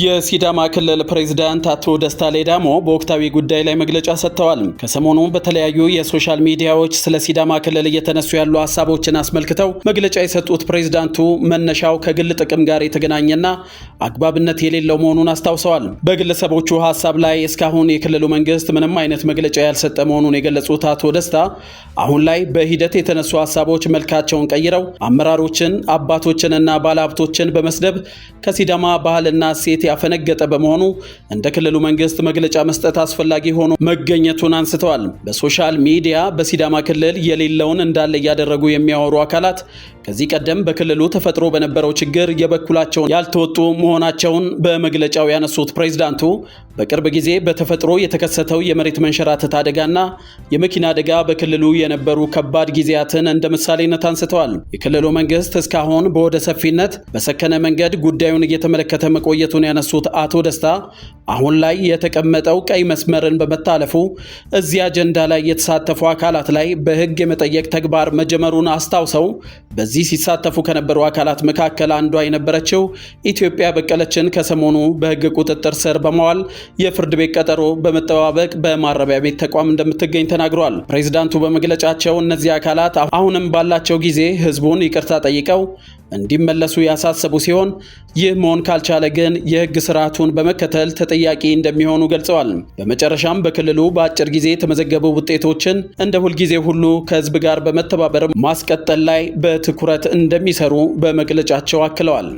የሲዳማ ክልል ፕሬዝዳንት አቶ ደስታ ሌዳሞ በወቅታዊ ጉዳይ ላይ መግለጫ ሰጥተዋል። ከሰሞኑ በተለያዩ የሶሻል ሚዲያዎች ስለ ሲዳማ ክልል እየተነሱ ያሉ ሀሳቦችን አስመልክተው መግለጫ የሰጡት ፕሬዝዳንቱ መነሻው ከግል ጥቅም ጋር የተገናኘና አግባብነት የሌለው መሆኑን አስታውሰዋል። በግለሰቦቹ ሀሳብ ላይ እስካሁን የክልሉ መንግስት ምንም አይነት መግለጫ ያልሰጠ መሆኑን የገለጹት አቶ ደስታ አሁን ላይ በሂደት የተነሱ ሀሳቦች መልካቸውን ቀይረው አመራሮችን፣ አባቶችንና ባለሀብቶችን በመስደብ ከሲዳማ ባህልና ሴት ውጤት ያፈነገጠ በመሆኑ እንደ ክልሉ መንግስት መግለጫ መስጠት አስፈላጊ ሆኖ መገኘቱን አንስተዋል። በሶሻል ሚዲያ በሲዳማ ክልል የሌለውን እንዳለ እያደረጉ የሚያወሩ አካላት ከዚህ ቀደም በክልሉ ተፈጥሮ በነበረው ችግር የበኩላቸውን ያልተወጡ መሆናቸውን በመግለጫው ያነሱት ፕሬዝዳንቱ በቅርብ ጊዜ በተፈጥሮ የተከሰተው የመሬት መንሸራተት አደጋና የመኪና አደጋ በክልሉ የነበሩ ከባድ ጊዜያትን እንደ ምሳሌነት አንስተዋል። የክልሉ መንግስት እስካሁን በወደ ሰፊነት በሰከነ መንገድ ጉዳዩን እየተመለከተ መቆየቱን ያነሱት አቶ ደስታ አሁን ላይ የተቀመጠው ቀይ መስመርን በመታለፉ እዚህ አጀንዳ ላይ የተሳተፉ አካላት ላይ በህግ የመጠየቅ ተግባር መጀመሩን አስታውሰው በዚህ ሲሳተፉ ከነበሩ አካላት መካከል አንዷ የነበረችው ኢትዮጵያ በቀለችን ከሰሞኑ በህግ ቁጥጥር ስር በመዋል የፍርድ ቤት ቀጠሮ በመጠባበቅ በማረቢያ ቤት ተቋም እንደምትገኝ ተናግረዋል። ፕሬዚዳንቱ በመግለጫቸው እነዚህ አካላት አሁንም ባላቸው ጊዜ ህዝቡን ይቅርታ ጠይቀው እንዲመለሱ ያሳሰቡ ሲሆን ይህ መሆን ካልቻለ ግን የህግ ስርዓቱን በመከተል ተጠያቂ እንደሚሆኑ ገልጸዋል። በመጨረሻም በክልሉ በአጭር ጊዜ የተመዘገቡ ውጤቶችን እንደ ሁልጊዜ ሁሉ ከህዝብ ጋር በመተባበር ማስቀጠል ላይ በትኩረት እንደሚሰሩ በመግለጫቸው አክለዋል።